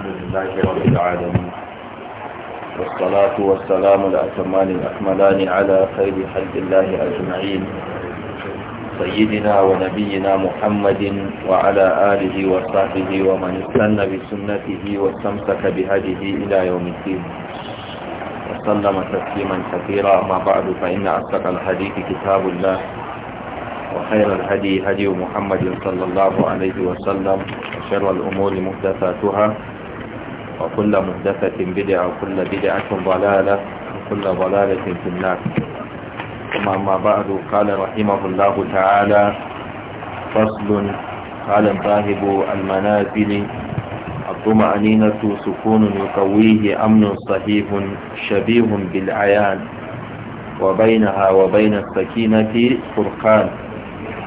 الحمد لله رب العالمين والصلاة والسلام الأتمان الأكملان على خير خلق الله أجمعين سيدنا ونبينا محمد وعلى آله وصحبه ومن استنى بسنته واستمسك بهذه إلى يوم الدين وسلم تسليما كثيرا ما بعد فإن أصدق الحديث كتاب الله وخير الهدي هدي محمد صلى الله عليه وسلم وشر الأمور محدثاتها وكل محدثة بدعة وكل بدعة ضلالة وكل ضلالة في الناس ثم ما بعد قال رحمه الله تعالى فصل قال الظاهب المنازل الطمأنينة سكون يقويه أمن صحيح شبيه بالعيان وبينها وبين السكينة فرقان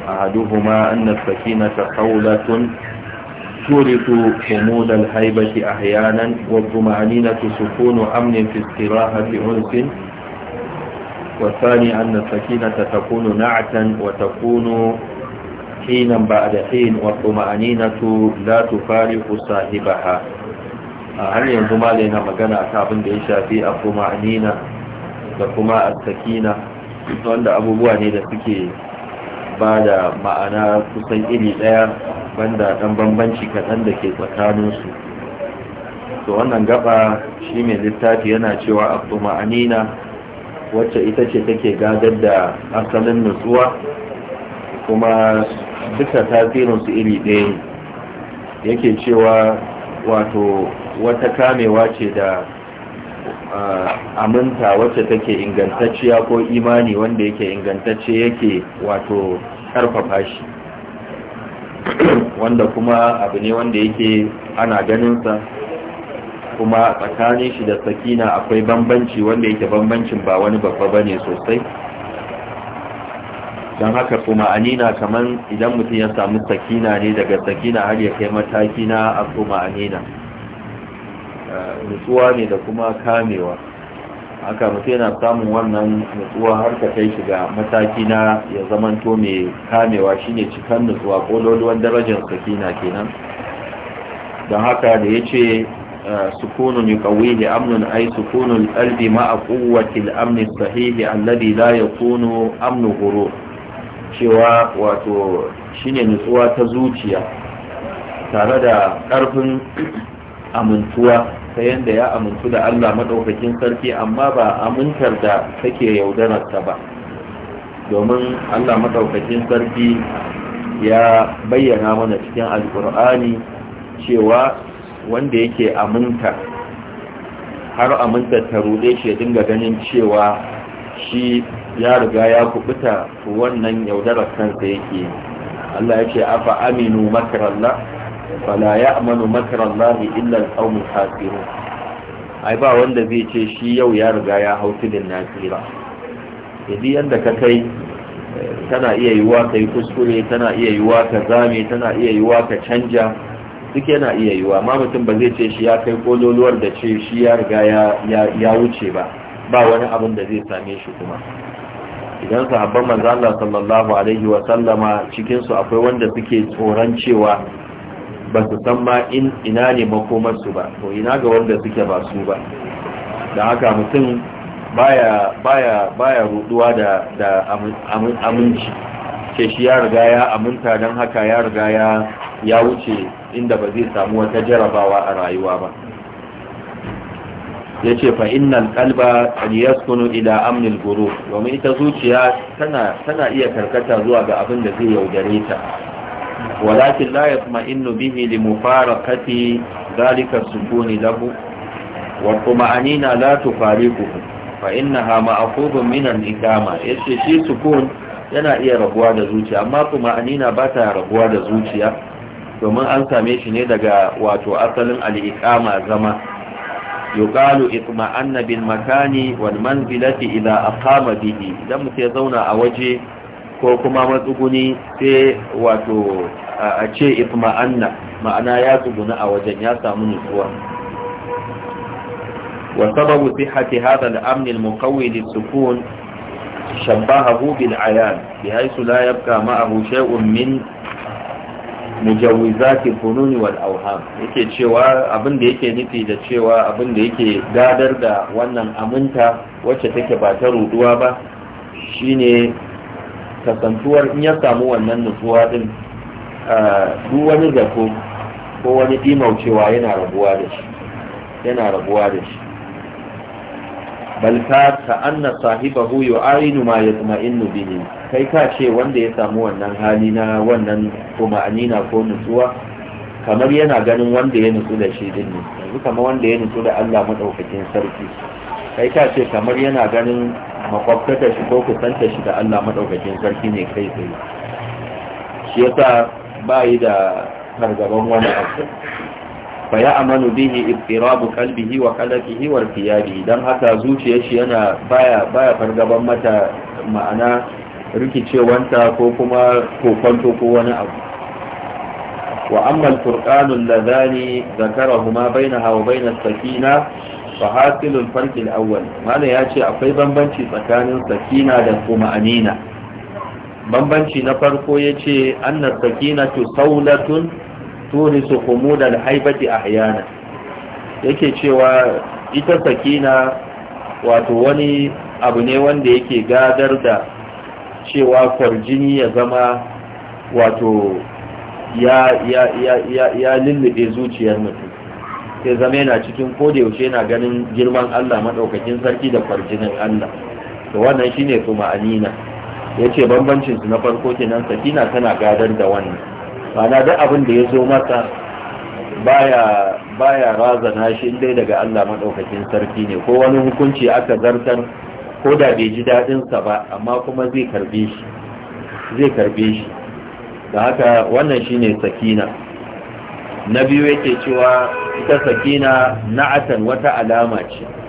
أحدهما أن السكينة قولة تورث حمود الهيبة أحيانا والطمأنينة سكون أمن في استراحة أنس والثاني أن السكينة تكون نعتا وتكون حينا بعد حين والطمأنينة لا تفارق صاحبها هل ينظم علينا مقانا أتابن بإشاء في الطمأنينة وكما السكينة wanda abubuwa ne da suke ba da ma'ana kusan iri daya banda dan bambanci kaɗan da ke tsakaninsu to wannan gaba shi mai littafi yana cewa abduma anina wacce ita ce take gadar da asalin nutsuwa kuma duka tasirinsu iri ɗaya yake cewa wato wata kamewa ce da aminta wacce take ingantacciya ko imani wanda yake ingantacce yake wato karfafa shi wanda kuma abu ne wanda yake ana ganinsa kuma tsakanin shi da sakina akwai bambanci wanda yake bambancin ba wani babba ba ne sosai don haka kuma anina kamar idan mutum ya samu sakina ne daga sakina har ya kai mataki na a kuma anina eh, nutsuwa ne da kuma kamewa haka mutu yana samun wannan nutsuwa har ta kai shiga mataki na ya zamanto mai kamewa shine cikan nutsuwa ko kololuwan darajar sakina kenan don haka da ya ce ah, sukunun da amnun ai sukunun qalbi ma'a quwwati al-amn as-sahih alladhi ya kunu amnu ghurur cewa wato shine nutsuwa ta zuciya tare da ƙarfin amintuwa ta yanda ya amintu da Allah madaukakin sarki amma ba amintar da take yaudararsa ba domin Allah madaukakin sarki ya bayyana mana cikin alkur'ani cewa wanda yake aminta har aminta ta rude shi ya dinga ganin cewa shi ya riga ya kubuta wannan yaudarar kansa yake Allah ya ce afa aminu makarallah fala ya'manu makra Allah illa al-qawm al ai ba wanda zai ce shi yau ya riga ya hau tudin nasira idan yanda ka kai tana iya yiwa ka yi kuskure tana iya yiwa ka zame tana iya yiwa ka canja duk yana iya yiwa amma mutum ba zai ce shi ya kai kololuwar da ce shi ya riga ya wuce ba ba wani abin da zai same shi kuma idan sahabban manzo Allah sallallahu alaihi wa sallama cikin su akwai wanda suke tsoron cewa ba su san ma in ina ne makomarsu ba to ina ga wanda suke ba su ba da haka mutum baya baya baya ruduwa da da aminci Ke shi ya riga ya aminta don haka ya riga ya ya wuce inda ba zai samu wata jarabawa a rayuwa ba ya ce fa innal kalba yaskunu ila amnil guru domin ita zuciya tana tana iya karkata zuwa ga abin da zai yaudare ta ولكن لا يطمئن به لمفارقة ذلك السكون له والطمأنينة لا تفارقه فإنها مأخوذ من الإكامة يشي سكون yana iya rabuwa da zuciya amma tumanina ba ta rabuwa da zuciya domin an same shi ne daga wato asalin al'iqama zama yuqalu itma'anna bil makani wal manzilati a kama bihi idan mutum ya zauna a waje ko kuma matsuguni sai wato a ce itma'anna ma'ana ya tsuguna a wajen ya samu nutsuwa wa sababu sihhati hadha al-amn al-muqawwi lis-sukun shabbahahu bil-ayan bihaythu la yabqa ma'ahu shay'un min mujawizati fununi wal awham yake cewa abin da yake nufi da cewa abin da yake gadar da wannan aminta wacce take ba ta ruduwa ba shine kasantuwar in ya samu wannan nutsuwa din duk wani zato ko wani dimaucewa yana rabuwa da shi yana rabuwa da shi bal ka ta anna sahibahu yu'ayinu ma innu bihi kai ka ce wanda ya samu wannan hali na wannan kuma anina ko nutsuwa kamar yana ganin wanda ya nutsu da shi din ne yanzu kamar wanda ya nutsu da Allah madaukakin sarki kai ka ce kamar yana ganin makwabtaka shi ko kusanta shi da Allah madaukakin sarki ne kai tsaye shi yasa ba yi da fargaban wani abu fa ya amanu bihi ibtirabu qalbihi wa qalbihi wa fiyabi dan haka zuciyar shi yana baya baya fargaban mata ma'ana rikicewanta ko kuma kokonto ko wani abu wa amma al-furqan alladhani zakarahuma bainaha wa sakina fa hasilul farq al-awwal yace akwai bambanci tsakanin sakina da kuma anina bambanci na farko ya ce sakina sakinatu saulatun turisu humudal haibati hayana yake cewa ita sakina wato wani abu ne wanda yake gadar da cewa kwarjini ya zama wato ya ya lullube zuciyar mutum sai zama yana cikin yaushe yana ganin girman Allah madaukakin sarki da kwarjinin Allah to wannan shine kuma anina ya ce bambancin su na farko kenan sakina tana gadar da wannan mana duk abin da ya zo masa baya baya razana shi dai daga Allah madaukakin sarki ne ko wani hukunci aka zartar ko da bai ji dadin sa ba amma kuma zai karbe shi zai karbe shi da haka wannan shine sakina na biyu yake cewa ita sakina na'atan wata alama ce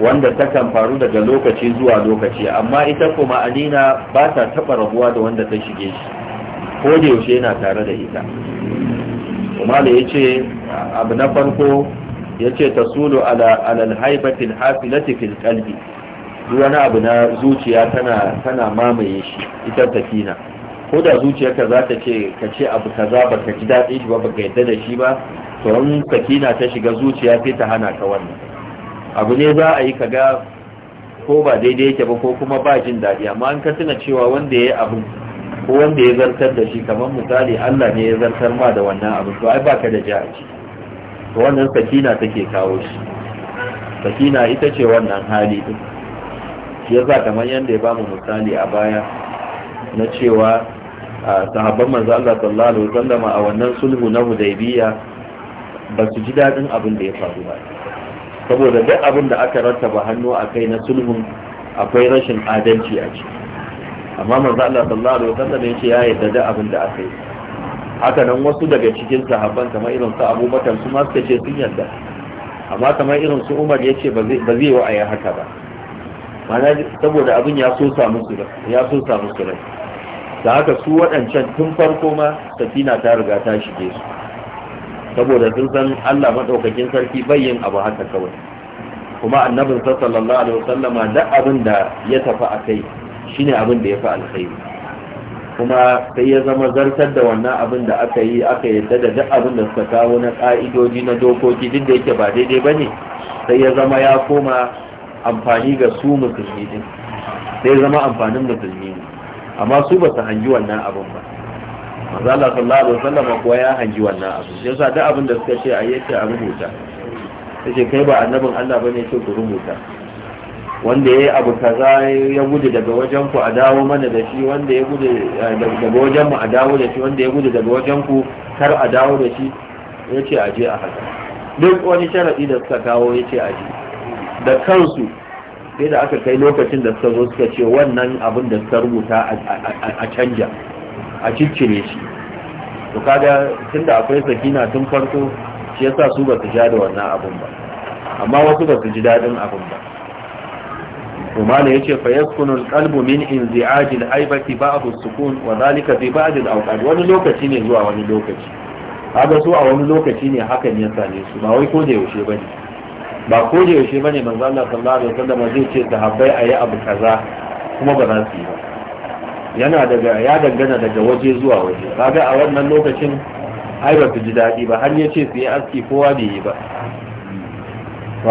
wanda takan faru daga lokaci zuwa lokaci amma ita kuma alina ba ta taɓa rabuwa da wanda ta shige shi ko da yaushe yana tare da ita kuma da ya ce abu na farko ya ce ta sulu alal haibatin hafilati fil duk wani abu na zuciya tana mamaye shi ita kina, ko da zuciyarka za ta ce ka ce abu kaza ba ka ji dadi shi ba baka yadda da shi ba to in sakina ta shiga zuciya sai ta hana ka wannan abu ne za a yi kaga ko ba daidai yake ba ko kuma ba jin daɗi amma an ka cewa wanda ya yi abu ko wanda ya zartar da shi kamar misali Allah ne ya zartar ma da wannan abin to ai baka da ji a to wannan sakina take kawo shi sakina ita ce wannan hali din shi yasa kamar yanda ya ba mu misali a baya na cewa sahabban manzo Allah sallallahu alaihi wasallama a wannan sulhu na Hudaybiya ba su ji dadin abin da ya faru ba saboda duk abin da aka rattaba hannu a kai na sulhun akwai rashin adalci a ciki amma manzo Allah sallallahu alaihi wasallam yace ya yarda da abin da aka yi haka nan wasu daga cikin sahabban kamar irin su Abubakar su ma suka ce sun yarda amma kamar irin su Umar yace ba zai wa zai haka ba mana saboda abin ya so samu su ya so samu su da haka su waɗancan tun farko ma safina ta riga ta shige su saboda sun san Allah maɗaukakin sarki bayyin abu haka kawai kuma annabin sallallahu alaihi wasallama da abin da ya tafi a kai shine abin da ya fi alkhairi kuma sai ya zama zartar da wannan abin da aka yi aka yadda da duk abin da suka kawo na ka'idoji na dokoki duk da yake ba daidai bane sai ya zama ya koma amfani ga su musulmi din sai ya zama amfanin musulmi ne amma su ba su hangi wannan abin ba zalla sallallahu alaihi wasallam kuwa ya hanji wannan abu sai sa duk abin da suka ce a yace a rubuta ce kai ba annabin Allah bane ce ku rubuta wanda yayi abu kaza ya gudu daga wajen ku a dawo mana da shi wanda ya gudu eh, daga wajen mu a dawo da shi wanda ya gudu daga wajen ku kar a dawo da shi yace a je a haka duk wani sharadi da suka kawo yace a je da kansu sai da aka kai lokacin da suka zo suka ce wannan abin da suka rubuta a canja a ciccire shi to kaga tunda akwai sakina tun farko shi yasa su ba su sha da wannan abun ba amma wasu ba su ji dadin abun ba kuma ne yace fa yaskunu alqalbu min inzi'aji al-aibati ba'd as-sukun wa zalika fi ba'd al-awqat wani lokaci ne zuwa wani lokaci kaga su a wani lokaci ne hakan ya same su ba wai ko da yaushe bane ba ko da yaushe bane manzo Allah sallallahu alaihi wasallam zai ce sahabbai ayi abu kaza kuma ba za su yi ba yana daga ya dangana daga waje zuwa waje kaga a wannan lokacin ai ba ji daɗi ba har yace ce aski kowa bai yi ba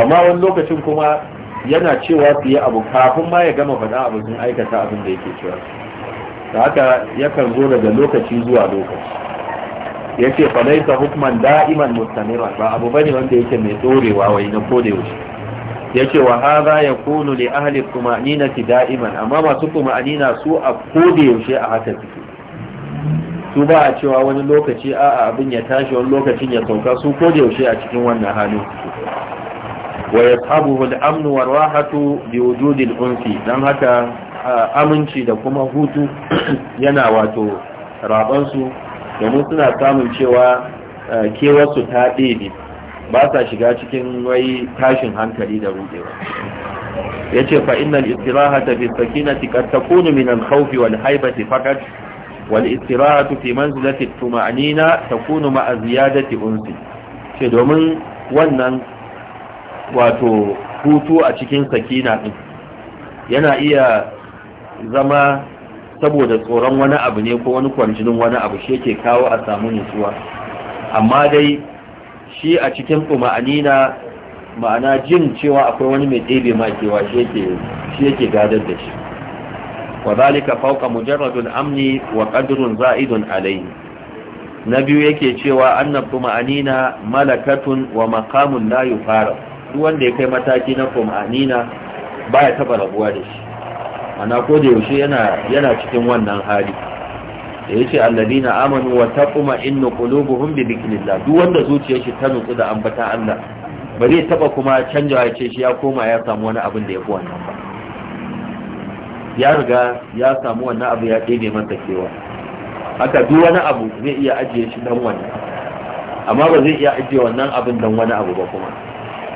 amma wani lokacin kuma yana cewa su yi abu kafin ma ya gama faɗa abu sun aikata abin da yake cewa da haka yakan zo daga lokaci zuwa lokaci ya ce laisa hukman da'iman mustamira ba abu bane wanda yake mai ɗorewa wai na koda Ya ce wa ya yakunu li ahli tumanina da'iman amma masu nina su a koda yaushe a haka suke su ba a cewa wani lokaci a abin ya tashi wani lokacin ya sauka su koda yaushe a cikin wannan halin wa sabu hul amn wa rahatu bi wujudi unsi dan haka aminci da kuma hutu yana wato rabansu domin suna samun cewa kewarsu ta ɗebe ba sa shiga cikin wai tashin hankali da rudewa yace fa innal ta fi sakinati qad takunu kunu minan haufi wal haibati faqat wal istirahatu fi manzilati at-tuma'nina takunu ma'a ziyadati unsi ce domin wannan wato hutu a cikin sakina ɗin yana iya zama saboda tsoron wani abu ne ko wani kwanjinin wani abu shi yake kawo a samu nutsuwa amma dai shi a cikin na ma'ana jin cewa akwai wani mai ɗebe makewa shi yake gadar da shi wa zalika fauka mujarradun amni wa qadrun za'idun alayhi na biyu yake cewa annab na malakatun wa maqamun la yufara duk wanda ya kai mataki na ba baya taba rabuwa da shi ana ko da yaushe yana cikin wannan hali da yace alladina amanu wa taquma innu qulubuhum bi dhikrillah duk wanda zuciyar shi ta nutsu da ambata Allah ba zai taba kuma canja ya ce shi ya koma ya samu wani abin da ya fi wannan ba ya riga ya samu wannan abu ya ɗebe masa kewa haka duk wani abu zai iya ajiye shi dan wannan amma ba zai iya ajiye wannan abin dan wani abu ba kuma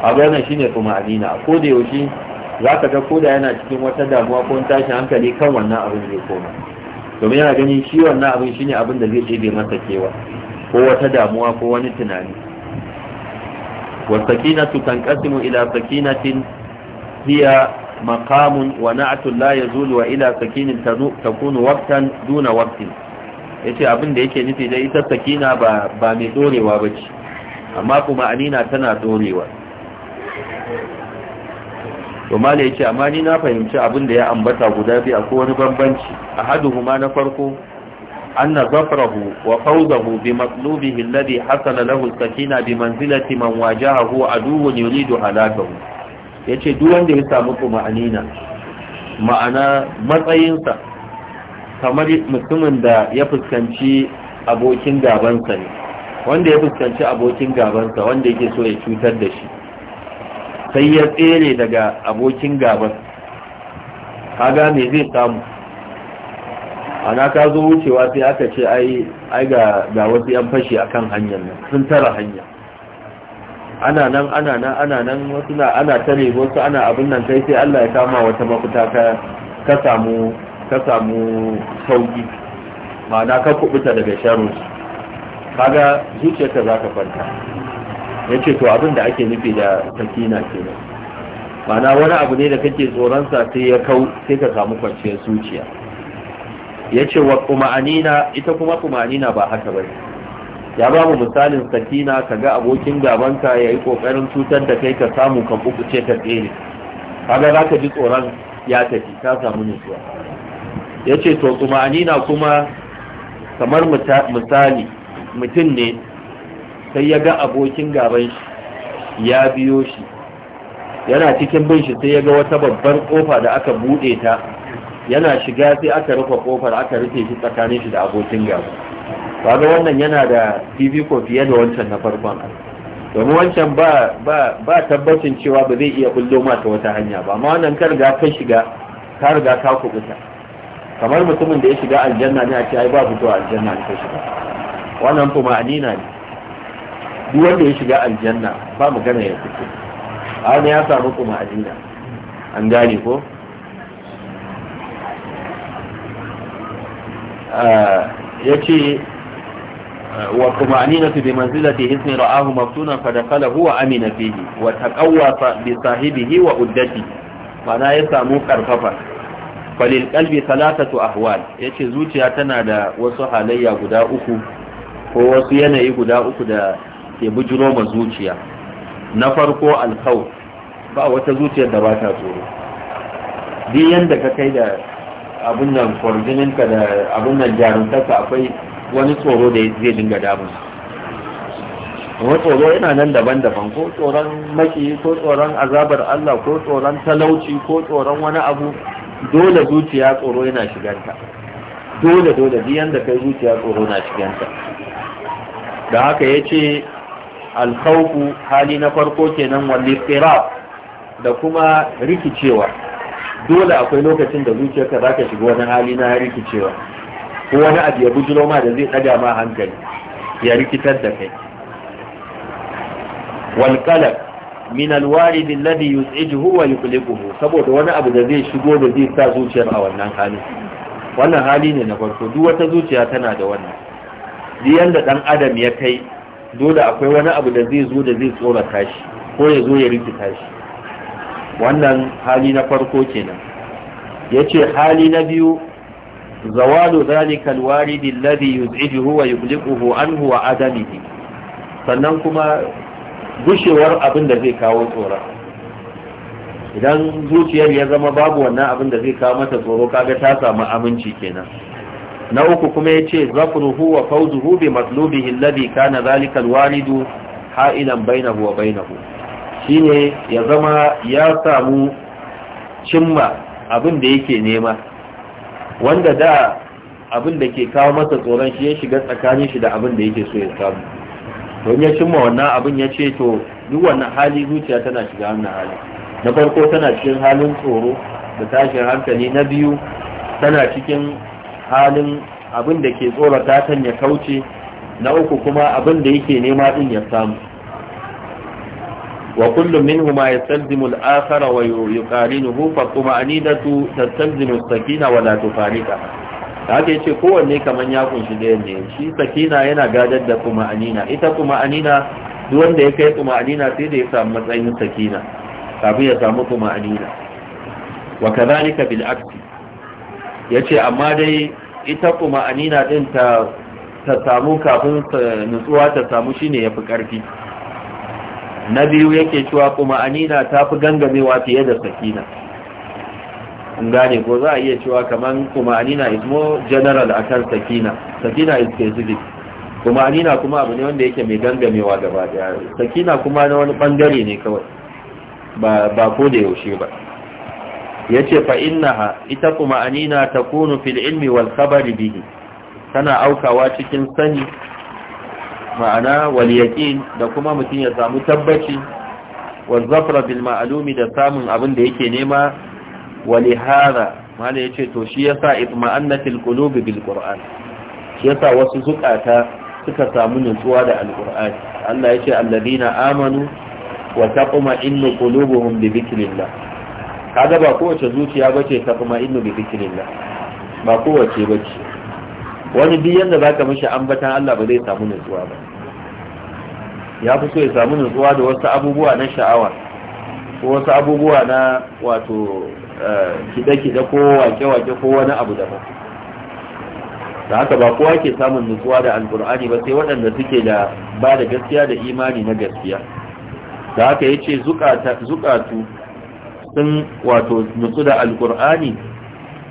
abu yana shine kuma alina ko da yaushe za ka ga koda yana cikin wata damuwa ko tashin hankali kan wannan abin zai koma domin yana ganin shi wannan abin shine abin da zai ɗebe masa kewa ko wata damuwa ko wani tunani wasakinatu tanqasimu ila sakinatin hiya maqamun wa na'atun la yazulu wa ila sakinin takunu waqtan duna waqtin yace abin da yake nufi da ita sakina ba ba mai dorewa bace amma kuma anina tana dorewa to ya ce, amma ni na fahimci abin da ya ambata guda biyu akwai wani bambanci ma na farko anna zafrahu wa fawzahu bi matlubihi alladhi hasala lahu sakina bi manzilati man wajahahu aduwwun yuridu halakahu yace duk wanda ya samu tuma'anina ma'ana matsayinsa kamar mutumin da ya fuskanci abokin gabansa ne wanda ya fuskanci abokin gabansa wanda yake so ya cutar da shi sai ya tsere daga abokin gaban kaga me zai samu ana ka zo wucewa sai aka ce ai ga wasu yan fashi akan hanyar nan sun tara hanya ana nan ana nan ana nan wasu na ana tare wasu ana abin nan sai sai Allah ya kama wata mafita ka ka samu ka samu sauki ma'ana ka kubuta daga sharu kaga zuciyarka za ka ya ce to abin da ake nufi da sakina kenan mana wani abu ne da kake tsoronsa sai ya kau sai ka samu kwanciyar zuciya ya ce wa kuma'anina ita kuma kuma'anina ba haka ba ya ba mu misalin sakina ka ga abokin gabanka ya yi kokarin cutar da kai ka samu kan kukuce ka tsere kaga za ka ji tsoron ya tafi ka samu nutsuwa ya ce to kuma'anina kuma kamar misali mutum ne sai ya ga abokin gaban shi ya biyo shi yana cikin bin shi sai ya ga wata babbar kofa da aka buɗe ta yana shiga sai aka rufe kofar aka rufe shi tsakanin shi da abokin gaba kaga wannan yana da tv ko fiye da wancan na farkon domin wancan ba ba ba tabbacin cewa ba zai iya bullo ma ta wata hanya ba amma wannan ka riga ka shiga ka riga ka kubuta kamar mutumin da ya shiga aljanna ne a ce ai ba fito aljanna ne ka shiga wannan kuma anina ne duk wanda ya shiga aljanna ba magana ya fito wani ya samu kuma adina an gane ko ah, ya ce wa kuma anina bi manzilati hisni ra'ahu maftunan fa kala huwa amina fihi wa taqawwa bi sahibihi wa uddati mana ya samu karfafa falil qalbi thalathatu ahwal yace zuciya tana da wasu halayya guda uku ko wasu yanayi guda uku da ke bujiro ma zuciya na farko alkhaw ba wata zuciyar da ba ta tsoro duk yanda ka kai da abin nan kwarjinin ka da abin nan jarumtarka akwai wani tsoro da zai dinga damun wani tsoro yana nan daban-daban ko tsoron maki ko tsoron azabar Allah ko tsoron talauci ko tsoron wani abu dole zuciya tsoro yana shiganta dole dole biyan da kai zuciya tsoro na shiganta da haka ya ce alkhawfu hali na farko kenan wal da kuma rikicewa dole akwai lokacin da zuciyarka zaka shiga wani hali na rikicewa ko wani abu ya bujiro ma da zai ɗaga ma hankali ya rikitar da kai walƙalar min alwari bin ladi yuz'ijuhu wa yuqliquhu saboda wani abu da zai shigo da zai sa zuciyar a wannan hali wannan hali ne na farko duk wata zuciya tana da wannan duk yanda dan adam ya kai dole akwai wani abu da zai zo da zai tsora tashi, ko ya zo ya riki tashi. wannan hali na farko kenan yace hali na biyu zawalu zalika alwarid alladhi yuz'ijuhu wa yubliquhu anhu wa adamihi sannan kuma gushewar abin da zai kawo tsora. idan zuciyar ya zama babu wannan abin da zai kawo mata tsoro kaga ta samu aminci kenan na uku kuma ya ce zafruhu wa fawzuhu bi matlubihi alladhi kana zalika alwalidu ha'ilan bainahu wa bainahu shine ya zama ya samu cimma abin da yake nema wanda da abin da ke kawo masa tsoron shi ya shiga tsakanin shi da abin da yake so ya samu don ya cimma wannan abin ya ce to duk wannan hali zuciya tana shiga wannan hali na farko tana cikin halin tsoro da tashin hankali na biyu tana cikin halin abin da ke tsorata ta ya kauce na uku kuma abin da yake nema din ya samu wa kullum huma yastalzimu al-akhar wa yuqarinuhu fa tuma'anidatu tastalzimu as-sakina wa la tufarika haka yace kowanne kaman ya kunshi da yanne shi sakina yana gadar da kuma anina ita kuma anina duk wanda ya kai kuma anina sai da ya samu matsayin sakina kafin ya samu kuma anina wa kadhalika bil aksi ya ce amma dai ita kuma anina din ta ta samu kafin nutsuwa ta samu shine yafi karfi na biyu yake cewa kuma anina ta fi gangamewa fiye da sakina in gane ko za a iya cewa kamar kuma anina is more general akan sakina sakina is specific kuma anina kuma abu ne wanda yake mai gangamewa gaba daya sakina kuma na wani bangare ne kawai ba ko da yaushe ba yace fa innaha ita kuma anina kunu fil ilmi wal khabari bihi tana aukawa cikin sani ma'ana wal da kuma mutum ya samu tabbaci wal zafra bil ma'lumi da samun abin da yake nema wali hada ya yace to shi sa itma'annatil qulubi bil qur'an shi yasa wasu zukata suka samu nutsuwa da alqur'ani Allah yace allazina amanu wa taqma innu qulubuhum bi dhikrillah kaga ba kowace zuciya bace ta kuma innu bi da, ba kowace bace wani duk yanda zaka mishi ambatan Allah ba zai samu nutsuwa ba ya fi so ya samu nutsuwa da wasu abubuwa na sha'awa ko wasu abubuwa na wato eh, kide-kide ko wake-wake ko wani abu da ba. da haka ba kowa ke samun nutsuwa da alkur'ani ba sai waɗanda suke da ba da gaskiya da imani na gaskiya da haka ya ce zukatu sun wato nutsu da alkur'ani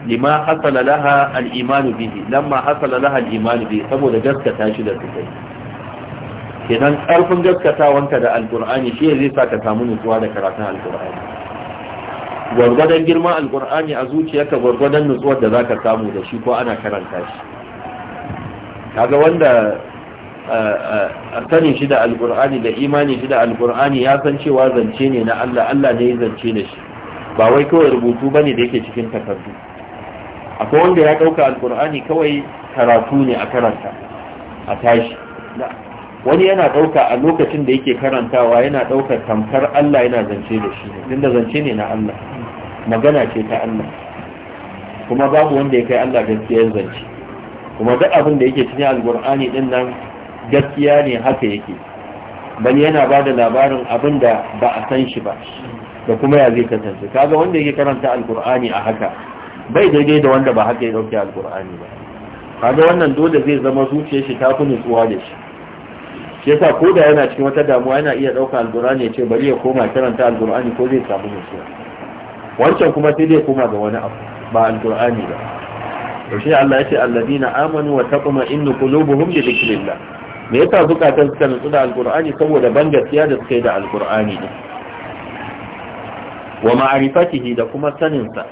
lima hasala laha al-imanu bihi lamma hasala laha al-imanu bihi saboda gaskata shi da su kai kenan karfin gaskatawanka da alkur'ani shi zai sa ka samu nutsuwa da karatun alkur'ani gwargwadon girma alkur'ani a zuciyarka gwargwadon nutsuwar da zaka samu da shi ko ana karanta shi kaga wanda a sanin shi da alkur'ani da imani shi da alkur'ani ya san cewa zance ne na Allah Allah ne ya zance da shi ba wai kawai rubutu bane da yake cikin takardu akwai wanda ya ɗauka alkur'ani kawai karatu ne a karanta a tashi wani yana ɗauka a lokacin da yake karantawa yana daukar tamkar Allah yana zance da shi tunda zance ne na Allah magana ce ta Allah kuma babu wanda ya kai Allah gaskiyar zance kuma duk abin da yake cikin alkur'ani din nan gaskiya ne haka yake Bani yana ba da labarin abin da ba a san shi ba da kuma ya zai kasance kaga wanda yake karanta alkur'ani a haka bai daidai da wanda ba haka ya dauke alkur'ani ba kaga wannan dole zai zama zuciyar shi ta fi nutsuwa da shi shi yasa ko da yana cikin wata damuwa yana iya ɗaukar alkur'ani ya ce bari ya koma karanta alkur'ani ko zai samu nutsuwa wancan kuma sai dai koma ga wani abu ba alkur'ani ba to shi Allah ya ce alladina amanu wa taqma innu qulubuhum bi dhikrillah me yasa zukatan suka nutsu da alkur'ani saboda ban gaskiya da suka yi da alkur'ani ne wa ma'arifatihi da kuma saninsa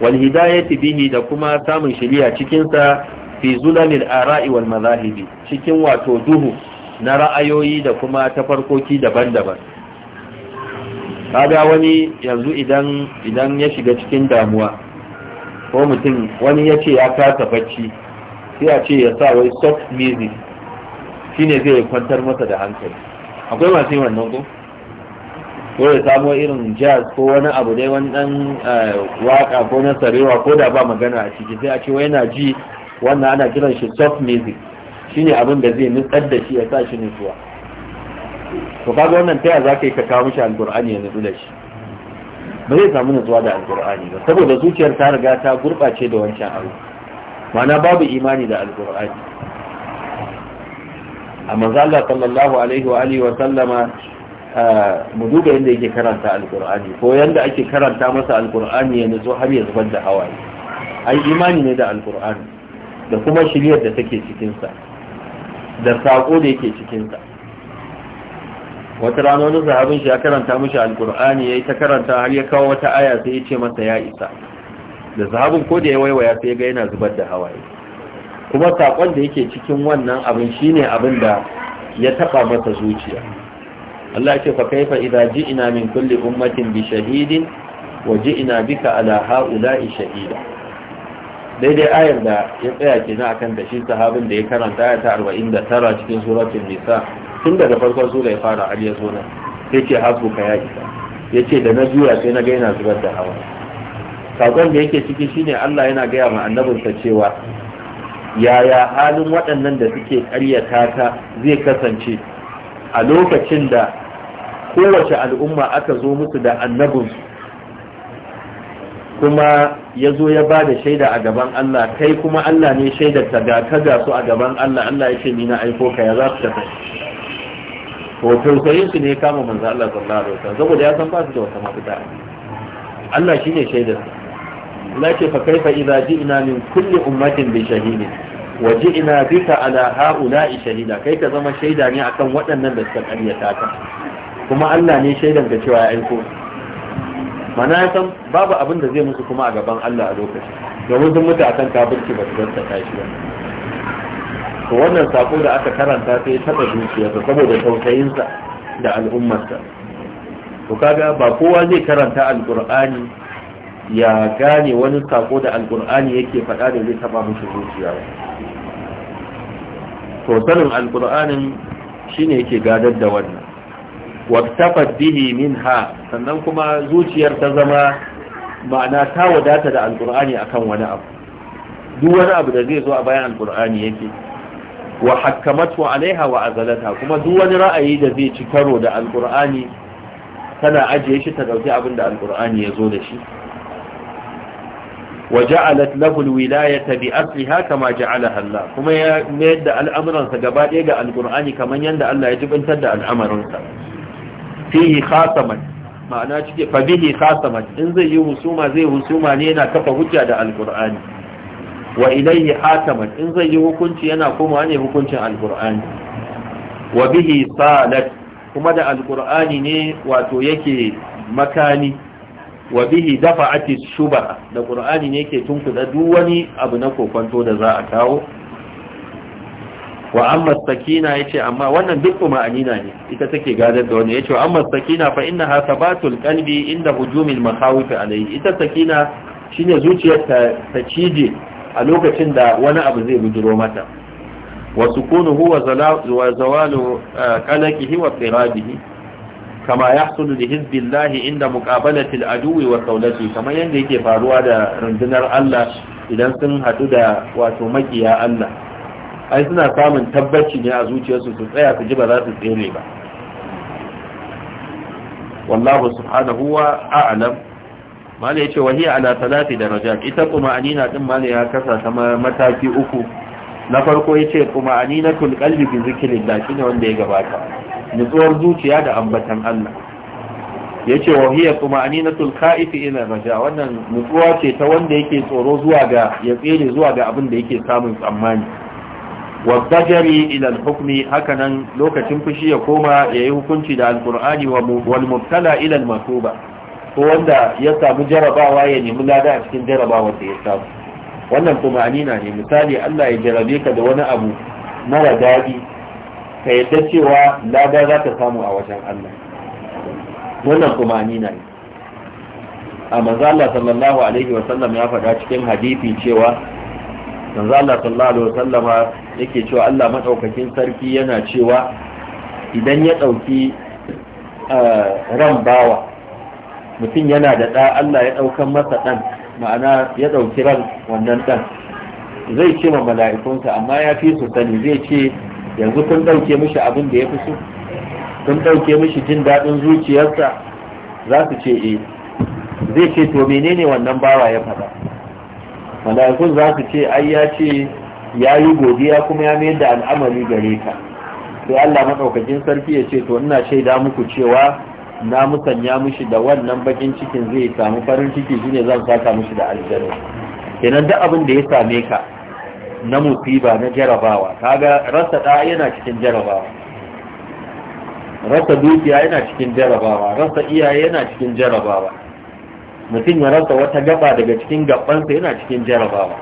wal hidayati bihi da kuma samun shiriya cikinsa fi zulalil ara'i wal mazahibi cikin wato duhu na ra'ayoyi da kuma ta farkoki daban-daban kaga wani yanzu idan idan ya shiga cikin damuwa ko mutum wani ya ce ya kasa bacci sai a ce ya sa wai soft music shine zai kwantar masa da hankali akwai masu yin wannan ko ko ya samo irin jazz ko wani abu dai wani dan eh, waka ko na sarewa ko da ba magana a ciki sai a ce wai yana ji wannan ana kiran shi soft music shine abin da zai nutsar da shi ya sa shi nutsuwa to kaga wannan taya za ka yi ka kawo mishi alkur'ani ya nutsu da shi ba zai samu nutsuwa da alkur'ani ba saboda zuciyar ta riga ta gurɓace da wancan abu mana babu imani da alkur'ani a manzo Allah sallallahu alaihi wa alihi wa sallama mu duba yadda yake karanta alkur'ani ko yadda ake karanta masa alkur'ani ya nutsu har ya zubar da hawaye ai imani ne da alkur'ani da kuma shiryar da take cikinsa da saƙo da yake cikinsa wata rana wani sahabin shi ya karanta mishi alkur'ani ya yi ta karanta har ya kawo wata aya sai ya ce masa ya isa da sahabin ko da ya waiwaya sai ya ga yana zubar da hawaye kuma saƙon da yake cikin wannan abin shine abin da ya taɓa masa zuciya Allah ce fa kaifa idza ji'na min kulli ummatin bi shahidin wa ji'na bika ala ha'ula'i shahida daidai ayar da ya tsaya na akan da shi sahabin da ya karanta ta tara cikin suratul nisa tun daga farkon sura ya fara har ya zo nan sai ce hasbuka ya isa ce da na juya sai na ga zubar da hawa sakon da yake ciki shine Allah yana gaya ma annabinsa cewa yaya halin waɗannan da suke ƙaryata ta zai kasance a lokacin da kowace al'umma aka zo musu da annabinsu kuma ya zo ya ba da shaida a gaban Allah kai kuma Allah ne shaidar ta ga ka su a gaban Allah Allah ya ce ni na aiko ka ya za su tafi to tausayin su ne kama manzo Allah sallallahu alaihi wasallam saboda ya san ba su da wata mafita Allah shine shaidar su Allah ce fa kaifa idza ji'na min kulli ummatin bi shahidin wa ji'na bika ala ha'ula'i shahida kai ka zama shaida ne akan waɗannan da suka ƙaryata ka kuma Allah ne shaidan ga cewa ya aiko mana ya san babu abin da zai musu kuma a gaban Allah a lokaci domin sun mutu akan kafirci ba su gasta kashi ba to wannan sako da aka karanta sai taɓa zuciyarsa saboda tausayinsa da al'ummarsa to kaga ba kowa zai karanta alkur'ani ya gane wani sako da alkur'ani yake faɗa da zai taɓa musu zuciya ba to sanin alkur'anin shine yake gadar da wannan waktafat bihi minha sannan kuma zuciyar ta zama ma'ana ta wadata da alkur'ani akan wani abu duk wani abu da zai zo a bayan alkur'ani yake wa hakkamatu alaiha wa azalata kuma duk wani ra'ayi da zai ci karo da alkur'ani tana ajiye shi ta dauki abin da alkurani ya zo da shi wa ja'alat lahu alwilayata bi asliha kama ja'alaha Allah kuma ya mayar da al'amuransa gaba ɗaya ga alkur'ani kamar yadda Allah ya jibintar da al'amarinsa fihi khasaman ma'ana cike fa bihi khasaman in zai yi husuma zai husuma ne yana kafa hujja da alqur'ani wa ilayhi hataman in zai yi hukunci yana kuma ne hukuncin alqur'ani wa bihi salat kuma da alqur'ani ne wato yake makani wa bihi atis shubha da qur'ani ne yake tunkuda duk wani abu na kokonto da za a kawo wa amma sakina yace amma wannan duk ma'anina ne ita take gadar da wani yace wa amma sakina fa innaha thabatul qalbi inda hujumil makhawif alayhi ita sakina shine zuciyar ta ta cije a lokacin da wani abu zai bujiro mata wa sukunuhu wa zawalu eh, qalaqihi wa firabihi kama yahsulu li hizbillahi inda muqabalati al-aduwi wa sawlati kamar yanda yake faruwa da rundunar Allah idan sun hadu da wato makiya Allah ai suna samun tabbaci ne a zuciyarsu su tsaya su ji ba za su tsere ba wallahu subhanahu wa a'lam mala yace wa hiya ala salati darajat ita kuma anina din mala ya kasa ta mataki uku na farko yace kuma anina kul qalbi bi zikrillah shine wanda ya gabata nutsuwar zuciya da ambatan Allah yace wa hiya kuma aninatul khaifi ila raja wannan nutsuwa ce ta wanda yake tsoro zuwa ga ya tsere zuwa ga abin da yake samun tsammani wabtajari ilal hukmi hakanan lokacin fushi ya koma ya yi hukunci da alkur'ani wal mubtala ilal matuba ko wanda ya samu jarabawa ya nemi lada a cikin jarabawa da ya samu wannan kuma anina ne misali Allah ya jarabe ka da wani abu mara daɗi ka yadda cewa lada za ta samu a wajen Allah wannan kuma anina ne a manzo Allah sallallahu alaihi ya faɗa cikin hadisi cewa manzo Allah sallallahu alaihi wasallama yake cewa Allah madaukakin sarki yana cewa idan ya dauki eh, ran bawa mutum yana da da Allah ya daukan masa dan ma'ana ya dauki ran wannan dan zai ce ma mala'ikunsa amma ya fi su sani zai ce yanzu kun dauke mishi abin da ya fi so kun dauke mishi jin dadin zuciyarsa za su ce eh zai ce to menene wannan bawa ya faɗa mala'ikun za su ce ai ya ce ya yi godiya kuma ya mayar da al'amari gare ka sai Allah madaukakin sarki ya ce to ina shaida muku cewa na musanya mishi da wannan bakin cikin zai samu farin ciki shine zan saka mishi da aljanna kenan duk abin da ya same ka na musiba na jarabawa kaga rasa da yana cikin jarabawa rasa dukiya yana cikin jarabawa rasa iyaye yana cikin jarabawa mutum ya rasa wata gaba daga cikin gabansa yana cikin jarabawa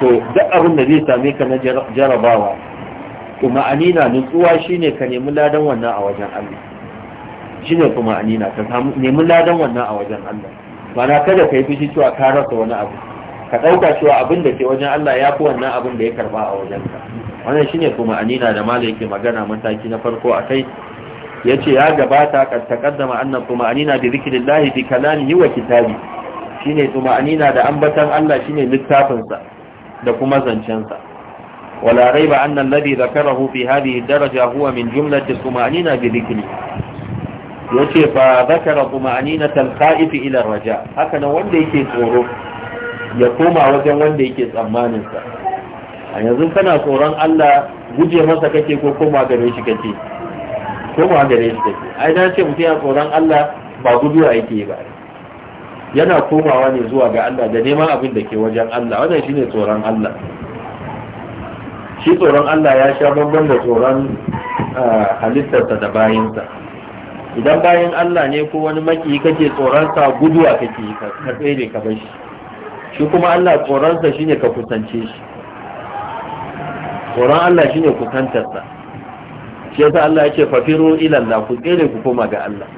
to duk abin da zai same ka na jarabawa kuma anina nutsuwa shine ka nemi ladan wannan a wajen Allah shine kuma anina ka samu nemi ladan wannan a wajen Allah Bana kada ka yi fushi cewa ka rasa wani abu ka ɗauka cewa abin da ke wajen Allah ya fi wannan abin da ya karba a wajen ka wannan shine kuma anina da malai yake magana mataki na farko a kai yace ya gabata kad taqaddama anna tuma'anina bi kanani bi kalamihi wa kitabi shine tuma'anina da ambatan Allah shine ne littafinsa da kuma zancensa sa ba annan anna alladhi dhakarahu fi hadhihi daraja huwa min jumlati tuma'anina bi dhikri yace fa dhakara tuma'anina al-kha'if ila raja haka nan wanda yake tsoro ya koma wajen wanda yake tsammanin sa a yanzu kana tsoron Allah guje masa kake ko koma gare shi kake ko ba gare shi take ai dan ce mutum ya tsoron Allah ba guduwa yake ba yana komawa ne zuwa ga Allah da neman abin da ke wajen Allah wannan shine tsoron Allah shi tsoron Allah ya sha bambam da tsoron ah, halittarsa da bayinsa idan bayan Allah ne ko wani maki kake gudu guduwa kake ka tsere ka bar shi shi kuma Allah sa shine ka kusance shi tsoron Allah shine kusantarsa shi yasa Allah ya ce fafiru ila Allah ku tsere ku koma ga Allah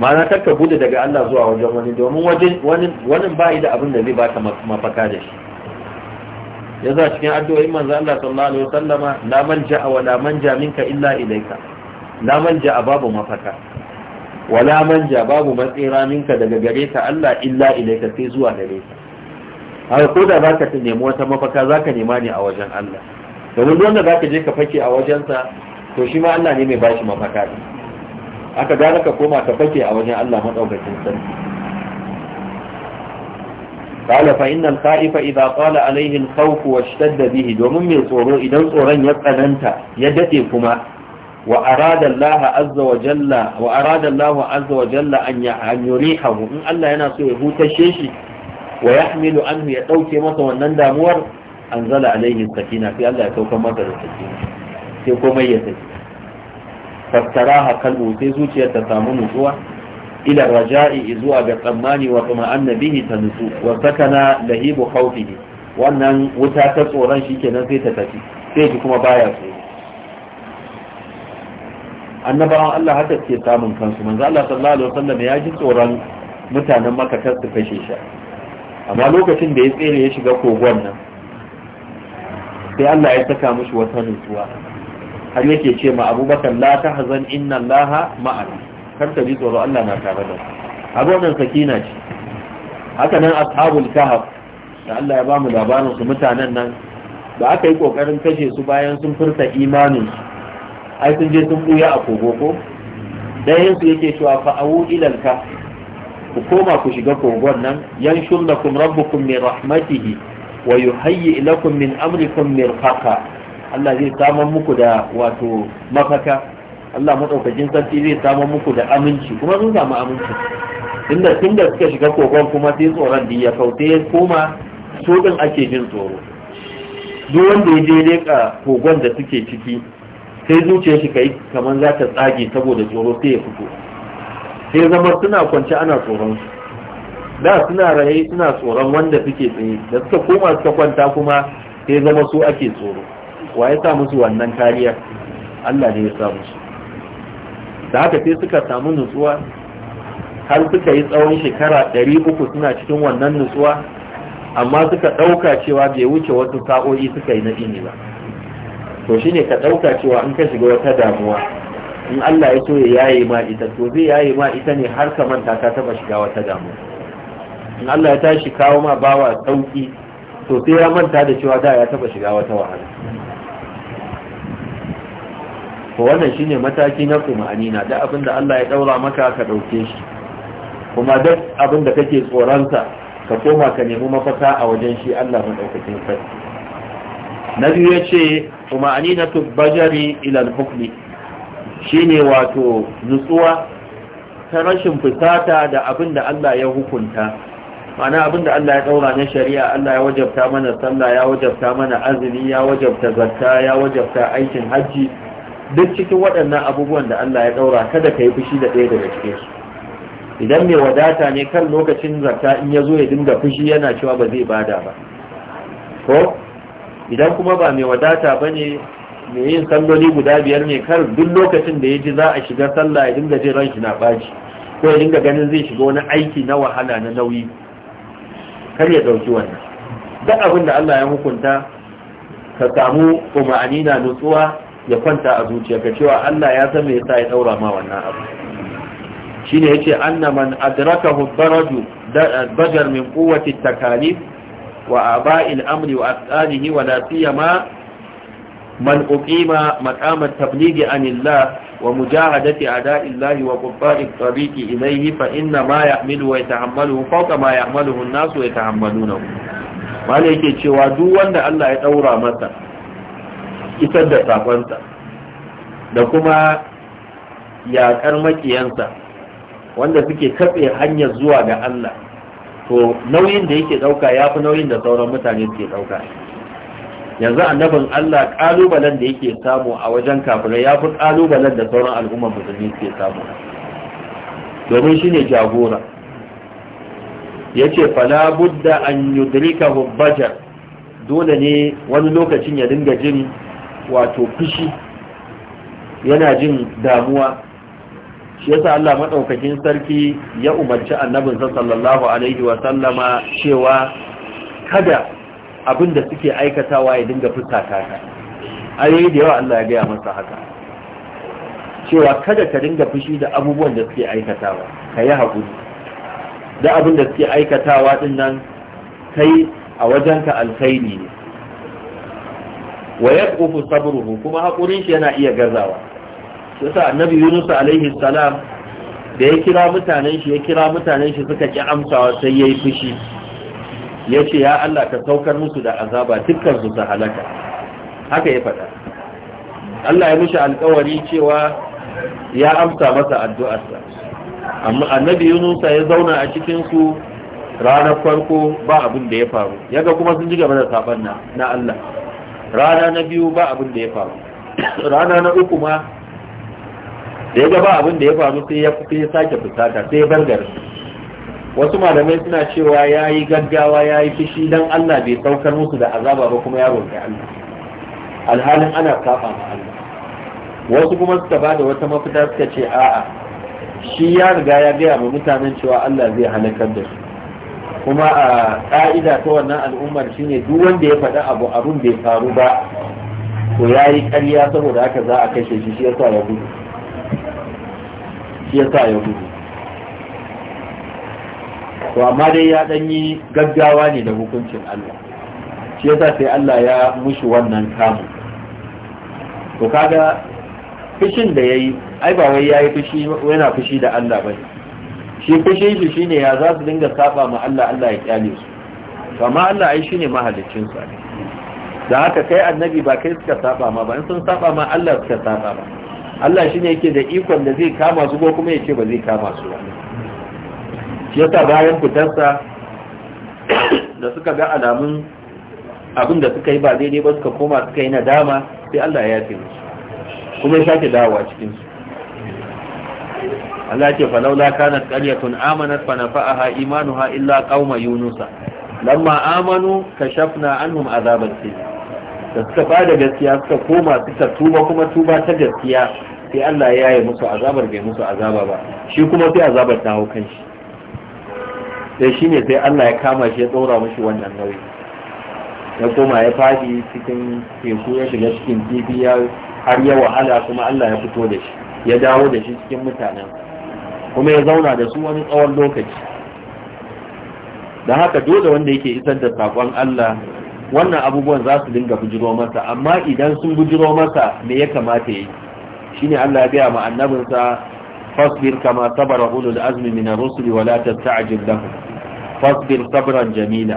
ma'ana takka gudu daga Allah zuwa wajen wani domin wajen wani wani ba da abin da zai baka mafaka da shi yasa cikin addu'o'in manzo Allah sallallahu alaihi wasallama la ja'a wa la manja minka illa ilayka la ja'a babu mafaka wala manja babu matsira minka daga gare ka Allah illa ilayka sai zuwa gare ka har ko da zaka nemi wata mafaka zaka nema ne a wajen Allah domin wanda zaka je ka fake a wajensa to shi ma Allah ne mai bashi mafaka ne aka gane ka koma ka fake a wajen Allah madaukakin sarki قال فإن الخائف إذا قال عليه الخوف واشتد به دومن mai tsoro idan tsoron ya tsananta ya dade kuma wa arada Allah azza wa in Allah yana so ya hutashe shi wa yahmilu anhu ya ɗauke masa wannan damuwar anzala alaihi sakina sai Allah ya sauka masa da sakina sai komai ya saki fassaraha kalbu sai zuciyar ta samu nutsuwa ila raja'i zuwa ga tsammani wa kuma annabihi ta nutsu wa sakana lahibu khawfihi wannan wuta ta tsoron shikenan sai ta tafi sai ji kuma baya so annabawan Allah haka ke samun kansu manzo Allah sallallahu alaihi wasallam ya ji tsoron mutanen Makka kar su kashe shi amma lokacin da ya tsere ya shiga kogon nan sai Allah ya saka mishi wata nutsuwa har yake ce ma abubakar Lata hazan inna laha ma'ana kar ka ji tsoro Allah na tare da abu wannan sakina ce haka nan ashabul kahf da Allah ya ba mu labarin su mutanen nan da aka yi kokarin kashe su bayan sun furta imanin ai sun je sun buya a kogo ko dayan su yake cewa fa awu ilal ku koma ku shiga kogon nan yanshur lakum rabbukum min rahmatihi wa yuhayyi lakum min amrikum mirfaqa Allah zai samun muku da wato mafaka Allah maɗaukacin sarki zai samar muku da aminci kuma sun samu aminci tunda da suka shiga kogon kuma sai tsoron da ya kauta ya koma so din ake jin tsoro duk wanda ya je leƙa kogon da suke ciki sai zuciyar shi kai kamar za ta tsage saboda tsoro sai ya fito sai zama suna kwance ana tsoron su da suna raye suna tsoron wanda suke tsaye da suka koma suka kwanta kuma sai zama su ake tsoro wa ya sa musu wannan kariyar Allah ne ya sa musu da haka sai suka samu nutsuwa har suka yi tsawon shekara 300 suna cikin wannan nutsuwa amma suka ɗauka cewa bai wuce wasu sa'o'i suka yi na ne ba to shine ka ɗauka cewa in ka shiga wata damuwa in Allah ya so ya yaye ma ita to zai yaye ma ita ne har ka manta ka taba shiga wata damuwa in Allah ya tashi kawo ma bawa sauki to sai ya manta da cewa da ya taba shiga wata wahala to wannan shine mataki na tsumanina da abin da Allah ya daura maka ka ɗauke shi kuma duk abin da kake tsoronsa ka koma ka nemi mafaka a wajen shi Allah madaukakin sarki na biyu ya ce tsumanina tu bajari ila hukmi ne wato nutsuwa ta rashin fusata da abin da Allah ya hukunta ma'ana abin da Allah ya daura na shari'a Allah ya wajabta mana sallah ya wajabta mana azumi ya wajabta zakka ya wajabta aikin hajji duk cikin waɗannan abubuwan da Allah ya ɗaura kada ka yi fushi da ɗaya daga cikin su idan mai wadata ne kan lokacin zarta in ya zo ya dinga fushi yana cewa ba zai bada ba ko idan kuma ba mai wadata ba ne mai yin salloli guda biyar ne kar duk lokacin da ya ji za a shiga sallah ya dinga jin ranshi na ɓaci ko ya dinga ganin zai shiga wani aiki na wahala na nauyi kar ya ɗauki wannan duk abin da Allah ya hukunta ka samu umarni na nutsuwa ya kwanta a Ka cewa Allah ya san me yasa ya daura ma wannan abu shine yace anna man adrakahu baraju bajar min quwwati takalif wa aba'il amri wa asalihi wa la siyama man uqima maqam at-tabligh anillah wa mujahadati a'da'illahi wa qubbari tariqi ilayhi fa inna ma ya'malu wa yatahammalu fawqa ma ya'maluhu an-nas wa yatahammalunahu wanda yake cewa duk wanda Allah ya daura masa isar da sakonsa da kuma yaƙar makiyansa wanda suke katse hanyar zuwa ga Allah to nauyin da yake ɗauka ya fi nauyin da sauran mutane suke ɗauka yanzu annabin Allah ƙalubalen da yake samu a wajen kafirai ya fi ƙalubalen da sauran al'ummar musulmi suke samu domin shi ne jagora ya ce fala budda an yudrika hubbajar dole ne wani lokacin ya dinga jin wato fushi yana jin damuwa shi yasa Allah madaukakin sarki ya umarci annabinsa sallallahu alaihi wa sallama cewa kada abin da suke aikatawa ya dinga fusata ka ayoyi da yawa Allah ya gaya masa haka cewa kada ka dinga fushi da abubuwan da suke aikatawa ka yi haƙuri da abin da suke aikatawa din nan kai a wajenka alkhairi ne wa yaqufu sabruhu kuma hakurin shi yana iya gazawa yasa annabi Yunus alaihi salam da ya kira mutanen shi ya kira mutanen shi suka ki amsawa sai yayi fushi yace ya Allah ka saukar musu da azaba dukkan su halaka haka ya faɗa Allah ya mishi alƙawari cewa ya amsa masa addu'arsa amma annabi Yunusa ya zauna a cikin su ranar farko ba abin da ya faru yaga kuma sun ji gaba da saban na Allah rana na biyu ba abin da ya faru rana na uku ma da ya gaba abin da ya faru sai ya fita sake fusata sai ya bargar wasu malamai suna cewa ya yi gaggawa ya yi fishi don Allah bai saukar musu da azaba ba kuma ya roƙi Allah alhalin ana saba ma Allah wasu kuma suka ba da wata mafita suka ce a'a shi ya riga ya gaya ma mutanen cewa Allah zai halakar da su kuma a ƙa'ida ta wannan al'ummar shine duk wanda ya faɗi abu abun bai faru ba to ya yi ƙarya saboda haka za a kashe shi shi ya sa ya gudu to amma dai ya ɗan yi gaggawa ne da hukuncin Allah shi ya sa sai Allah ya mushi wannan kamu to kaga fushin da ya yi ai ba wai ya yi fushi yana fushi da Allah ba ne shi fushin shi shine ya za su dinga saba ma Allah Allah ya kyale su amma Allah ai shine mahalicin sa da haka kai annabi ba kai suka saba ma ba in sun saba ma Allah suka saba ba Allah shine yake da ikon da zai kama su ko kuma yace ba zai kama su ba shi yasa bayan fitarsa da suka ga alamun abin da suka yi ba daidai ba suka koma suka yi nadama sai Allah ya yafe musu kuma ya sake dawowa cikin su Allah ce fa laula kanat qaryatun amanat fa nafa'aha imanuha illa qauma yunusa lamma amanu kashafna anhum azaban sin da suka bada gaskiya suka koma suka tuba kuma tuba ta gaskiya sai Allah ya yi musu azabar bai musu azaba ba shi kuma sai azabar ta hau kanshi sai shine sai Allah ya kama shi ya tsora mishi wannan nauyi ya koma ya fadi cikin teku ya shiga cikin kifi har ya wahala kuma Allah ya fito da shi ya dawo da shi cikin mutanen kuma ya zauna da su wani tsawon lokaci da haka dole wanda yake isar da sakon Allah wannan abubuwan za su dinga bujiro masa amma idan sun bujiro masa me ya kamata yi shine Allah ya gaya ma annabinsa fasbir kama sabara ulul azmi min ar-rusuli wa la tasta'jil lahum fasbir sabran jamila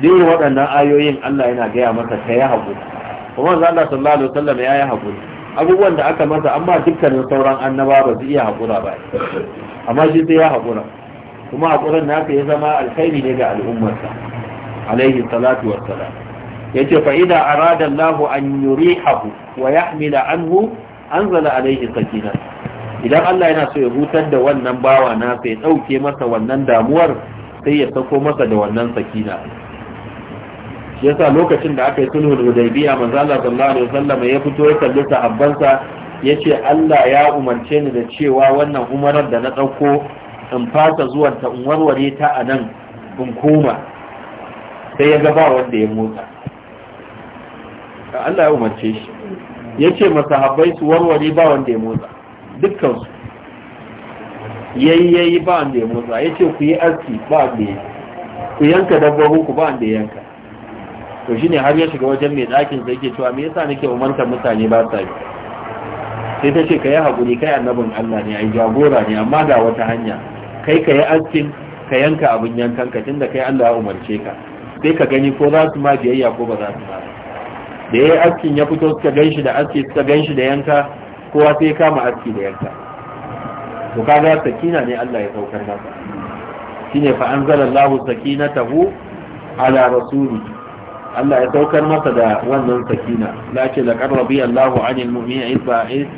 duk waɗannan ayoyin Allah yana gaya masa ka yi haƙuri kuma manzo Allah sallallahu alaihi wasallam ya yi haƙuri abubuwan da aka masa amma dukkanin sauran annaba ba su iya haƙura ba amma shi sai ya haƙura kuma haƙuran naka ya zama alkhairi ne ga al'ummarsa alaihi salatu wassalam yace fa'ida a arada Lahu an yurihahu wa yahmila An anzala alaihi sakina idan Allah yana so ya hutar da wannan bawa na sai ɗauke masa wannan damuwar sai ya sako masa da wannan sakina yasa lokacin da aka yi sulhul hudaybiya manzo Allah sallallahu alaihi wasallam ya fito ya kalli sahabbansa ya ce Allah ya umarce ni da cewa wannan umarar da na ɗauko in fasa zuwanta in warware ta a nan in koma sai ya gaba wanda ya motsa Allah ya umarce shi ya ce masahabbai su warware ba wanda ya motsa dukkansu yayi yayi ba wanda ya motsa ya ce ku yi aski ba wanda ya ku yanka dabbobin ku ba wanda ya yanka to shine har ya shiga wajen mai ɗakin sai yake cewa me yasa nake umarta mutane ba sa yi sai ta ce ka yi haƙuri kai annabin Allah ne a jagora ne amma ga wata hanya kai ka yi askin ka yanka abin yankan ka tunda kai Allah ya umarce ka sai ka gani ko za su ma biyayya ko ba za su ma da yayi askin ya fito suka ganshi da aski suka ganshi da yanka kowa sai kama aski da yanka to kaga sakina ne Allah ya saukar masa shine fa anzalallahu sakinatahu ala rasulihi Allah ya saukar masa da wannan sakina la ce laqad rabiyallahu anil mu'minina idh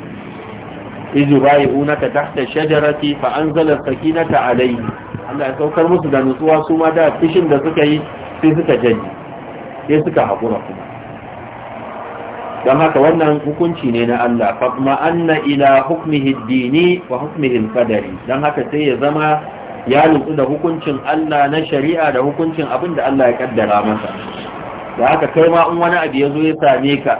izu bayi unaka tahta shajarati fa anzala sakinata alayhi Allah ya saukar musu da nutsuwa su ma da fishin da suka yi sai suka janye sai suka hakura kuma don haka wannan hukunci ne na Allah fa kuma anna ila hukmihi dini wa hukmihi al-qadari don haka sai ya zama ya nutsu da hukuncin Allah na shari'a da hukuncin abin da Allah ya kaddara masa da haka kai ma in wani abu ya zo ya same ka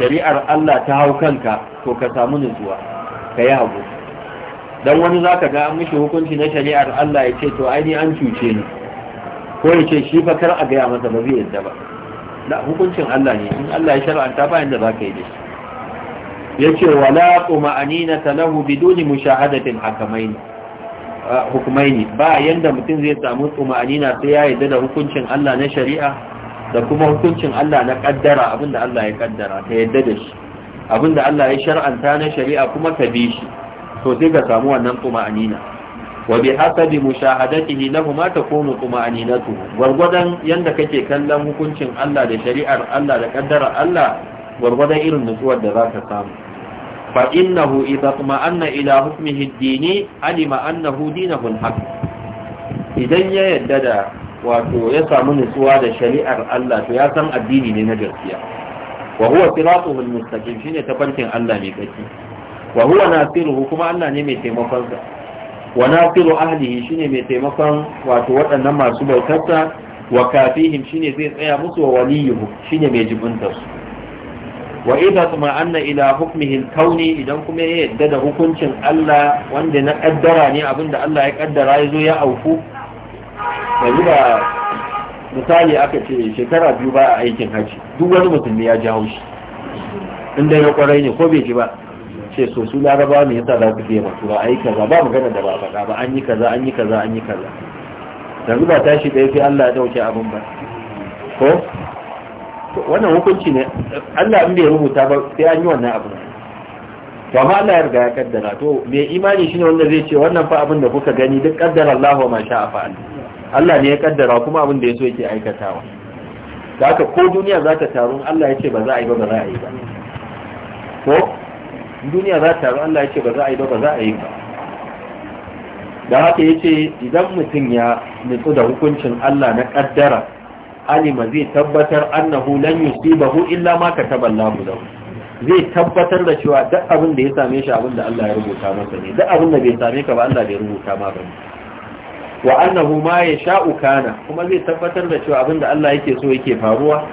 shari'ar Allah ta hau kanka to ka samu nutsuwa ka yi hagu. Don wani za ka ga an mishi hukunci na shari'ar Allah ya ce to aini an cuce ni ko ya ce shi fa kar a gaya masa ba zai yadda ba Na hukuncin Allah ne in Allah ya shara'anta ba yadda za ka yi da shi ya ce wala ƙuma'anina ta lahu biduni mushahadatin ne. ba yanda mutum zai samu na sai ya yi da hukuncin Allah na shari'a da kuma hukuncin Allah na ƙaddara abinda Allah ya ƙaddara ta yadda da shi abinda Allah ya shar'anta na shari'a kuma ka bi shi to sai ka samu wannan tuma'anina wa bi hasabi mushahadatihi lahuma takunu tuma'aninatu gwargwadon yanda kake kallon hukuncin Allah da shari'ar Allah da kaddara Allah gwargwadon irin nutsuwar da zaka samu fa innahu idza tuma'anna ila hukmihi ad-dini alima annahu dinahu al-haq idan ya yadda da wato ya samu nutsuwa da shari'ar Allah to ya san addini ne na gaskiya wa huwa siratuhu almustaqim shine tafarkin Allah ne kake wa huwa nasiruhu kuma Allah ne mai taimakon sa wa nasiru ahlihi shine mai taimakon wato waɗannan masu bautarsa wa kafihim shine zai tsaya musu wa waliyuhu shine mai jibunta su wa idza tuma'anna ila hukmihi al-kawni idan kuma ya yadda da hukuncin Allah wanda na kaddara ne abinda Allah ya kaddara ya zo ya auku yanzu ba misali aka ce shekara biyu ba a aikin hajji duk wani mutum ya ji haushi in dai ya kwarai ne ko bai ji ba ce so su laraba ne yasa za ku fiye masu ba a yi kaza ba magana da ba a faɗa ba an yi kaza an yi kaza an yi kaza yanzu ba tashi ɗaya sai Allah ya ɗauke abin ba ko wannan hukunci ne Allah in bai rubuta ba sai an yi wannan abin to amma Allah ya riga ya kaddara to mai imani shine wanda zai ce wannan fa abin da kuka gani duk kaddara Allah wa ma sha'a fa'al Allah ne ya kaddara kuma abin da ya so yake aikatawa da haka ko duniya za ta taru Allah ya ce ba za a yi ba ba za a yi ba ko duniya za ta taru Allah ya ce ba za a yi ba ba za a yi ba da haka ya ce idan mutum ya nutsu da hukuncin Allah na kaddara alima zai tabbatar annahu lan yusibahu illa ma kataba Allahu lahu zai tabbatar da cewa duk abin da ya same shi abin da Allah ya rubuta masa ne duk abin da bai same ka ba Allah bai rubuta maka ba wa annahu ma yasha'u kana kuma zai tabbatar da cewa abinda Allah yake so yake faruwa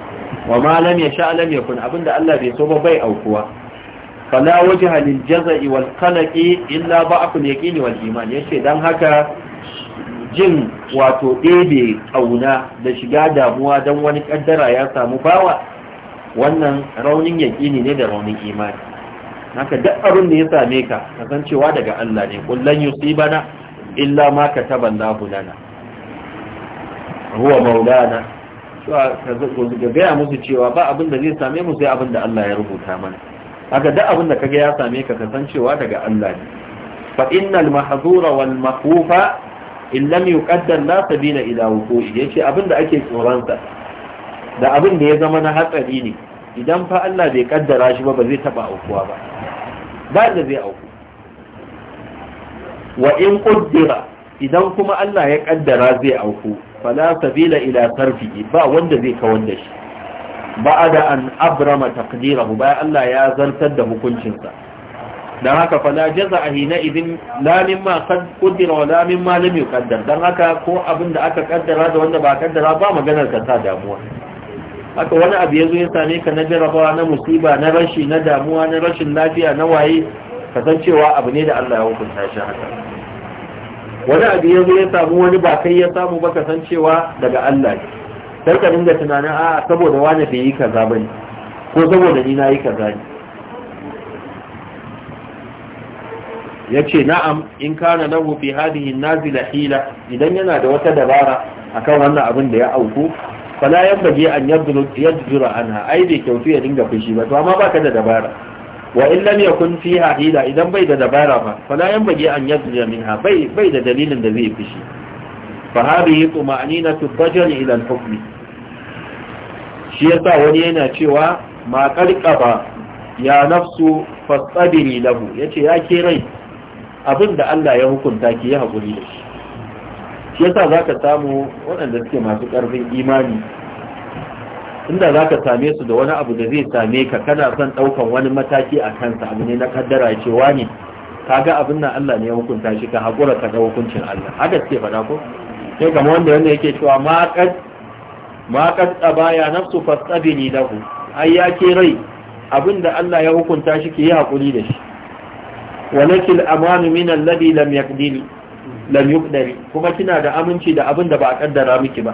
wa ma lam yasha'u lam yakun abinda Allah bai so ba bai aukuwa fala wajha lil jazai wal qalqi illa ba'ful yaqini wal iman yace dan haka jin wato ɗebe ƙauna da shiga damuwa dan wani kaddara ya samu bawa wannan raunin yaƙini ne da raunin imani haka duk abin da ya same ka kasancewa daga Allah ne kullan yusibana illa ma kataba Allahu lana huwa maulana cewa ka gaya musu cewa ba abin da zai same mu sai abin da Allah ya rubuta mana haka duk abin da kaga ya same ka kasancewa daga Allah ne fa innal mahzura wal makhfufa in lam yuqaddar la sabila ila wuqu'i yace abin da ake tsoron sa da abin da ya zama na hatsari ne idan fa Allah bai kaddara shi ba ba zai taba aukuwa ba ba da zai auku wa in qaddara idan kuma Allah ya kaddara zai auku fala sabila ila sarfi, ba wanda zai kawar da shi ba'ada an abrama taqdirahu bayan Allah ya zartar da hukuncinsa dan haka fala jaza hina idin la mimma qad qaddara wa la mimma lam yuqaddar dan haka ko abin da aka kaddara da wanda ba kaddara ba maganar ka ta damuwa haka wani abu yazo ya same ka na jarabawa na musiba na rashi na damuwa na rashin lafiya na waye kasancewa abu ne da Allah ya hukunta shi haka wani abu ya zo ya samu wani ba kai ya samu ba kasancewa daga Allah ne sai ka dinga tunanin a saboda wani bai yi kaza bane ko saboda ni nayi kaza ne ya ce na'am in kana lahu fi hadihin nazila hila idan yana da wata dabara akan wannan abin da ya auku fala yan baje an yadjura anha ai bai kyautu ya dinga fushi ba to amma baka da dabara wa in lam yakun fiha hila idan bai da dabara ba fala yanbaghi an yadliya minha bai bai da dalilin da zai fishi fa hadhihi tuma'ninatu bajal ila al-hukm shi yasa wani yana cewa ma qarqaba ya nafsu fastabiri lahu yace ya ke rai abinda Allah ya hukunta ki ya hakuri da shi shi yasa zaka samu waɗanda suke masu ƙarfin imani inda za ka same su da wani abu da zai same ka kana son ɗaukan wani mataki a kansa abu ne na kaddara cewa ne ka ga abin nan Allah ne ya hukunta shi ka haƙura ka ga hukuncin Allah haka suke faɗa ko sai kama wanda wanda yake cewa ma kad ma kad tsabaya nafsu fastabini lahu ai ya ke rai abin da Allah ya hukunta shi ke yi haƙuri da shi walakin amanu min alladhi lam yaqdini lam yuqdari kuma kina da aminci da abin da ba a kaddara miki ba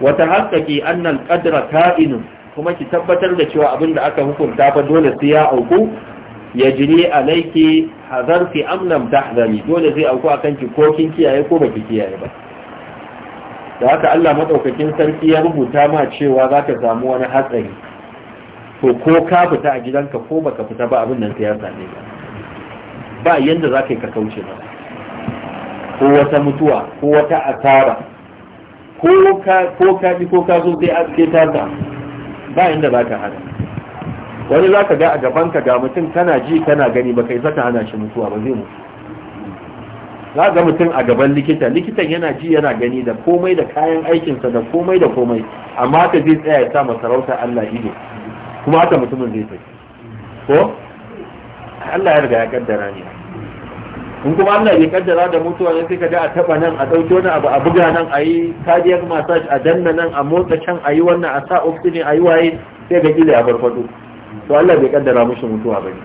wata haƙaƙi annal kadra ka'inun kuma ki tabbatar da cewa abin da aka hukunta fa dole sai ya auku ya jini alaiki hazarfi amnam tahzari dole zai auku akan ki ko kin kiyaye ko baki kiyaye ba da haka Allah madaukakin sarki ya rubuta ma cewa za ka samu wani hatsari to ko ka fita a gidanka ko baka fita ba abin nan sai ya same ka ba yanda za ka kauce ba ko wata mutuwa ko wata asara ko ka ko ko ka zo zai aske ta ta ba inda za ka hana wani za ka ga a gaban ka ga mutum kana ji kana gani ba kai zaka hana shi mutuwa ba zai mutu za ga mutum a gaban likita likitan yana ji yana gani da komai da kayan aikinsa da komai da komai amma ta zai tsaya ya sa masarauta Allah ido kuma haka mutumin zai tafi ko Allah ya riga ya kaddara ne in kuma Allah ya kaddara da mutuwa ne sai ka ga a taba nan a dauke wani abu a buga nan a yi cardiac massage a danna nan a motsa can a yi wannan a sa oxygen a yi waye sai ga gida ya farfado to Allah bai kaddara mushi mutuwa ba ne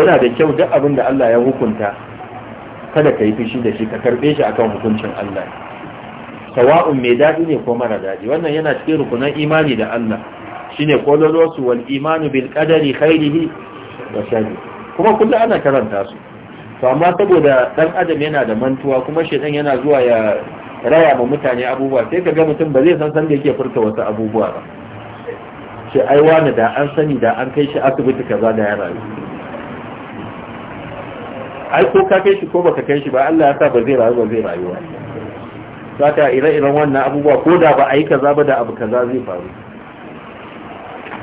yana da kyau duk abin da Allah ya hukunta kada ka yi fushi da shi ka karbe shi akan hukuncin Allah sawa'un mai daɗi ne ko mara daɗi wannan yana cikin rukunan imani da Allah shine qawlu wal imanu bil qadari khairihi wa sharrihi kuma kullum ana karanta su to amma saboda dan adam yana da mantuwa kuma shedan yana zuwa ya raya ma mutane abubuwa sai ka ga mutum ba zai san san da yake furta wasu abubuwa ba shi ai wani da an sani da an kai shi asibiti kaza da ya rayu ai ko ka kai shi ko baka kai shi ba Allah ya sa ba zai rayu ba zai rayu ba saka ire-iren wannan abubuwa ko da ba a yi kaza ba da abu kaza zai faru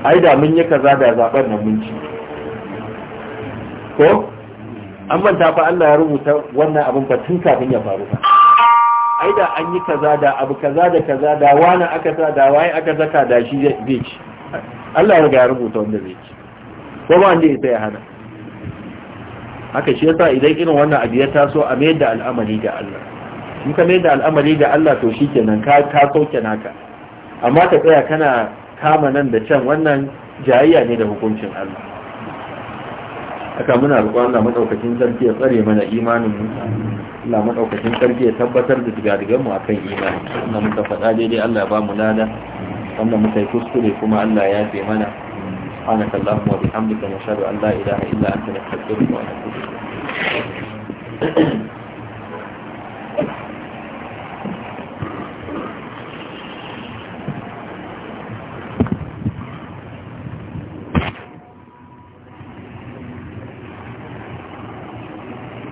ai da mun yi kaza da zaben nan mun ci ko an manta fa Allah ya rubuta wannan abin fa tun kafin ya faru fa ai da an yi kaza da abu kaza da kaza da wani aka sa da waye aka saka da shi zai ci Allah ya ga rubuta wanda zai ci ko ba wanda ya hana haka shi yasa idan irin wannan abu ya taso a mayar da al'amari ga Allah in ka mayar da al'amari ga Allah to shikenan ka ka sauke naka amma ka tsaya kana kama nan da can wannan jayayya ne da hukuncin Allah aka muna roƙon Allah madaukakin sarki ya tsare mana imanin mu maɗaukacin madaukakin sarki ya tabbatar da digadigan mu kan imani wanda muka faɗa daidai Allah ba mu lada wanda muka yi kuskure kuma Allah ya yafe mana bihamdika اللهم وبحمدك allah أن لا إله إلا أنت نستغفرك ونتوب إليك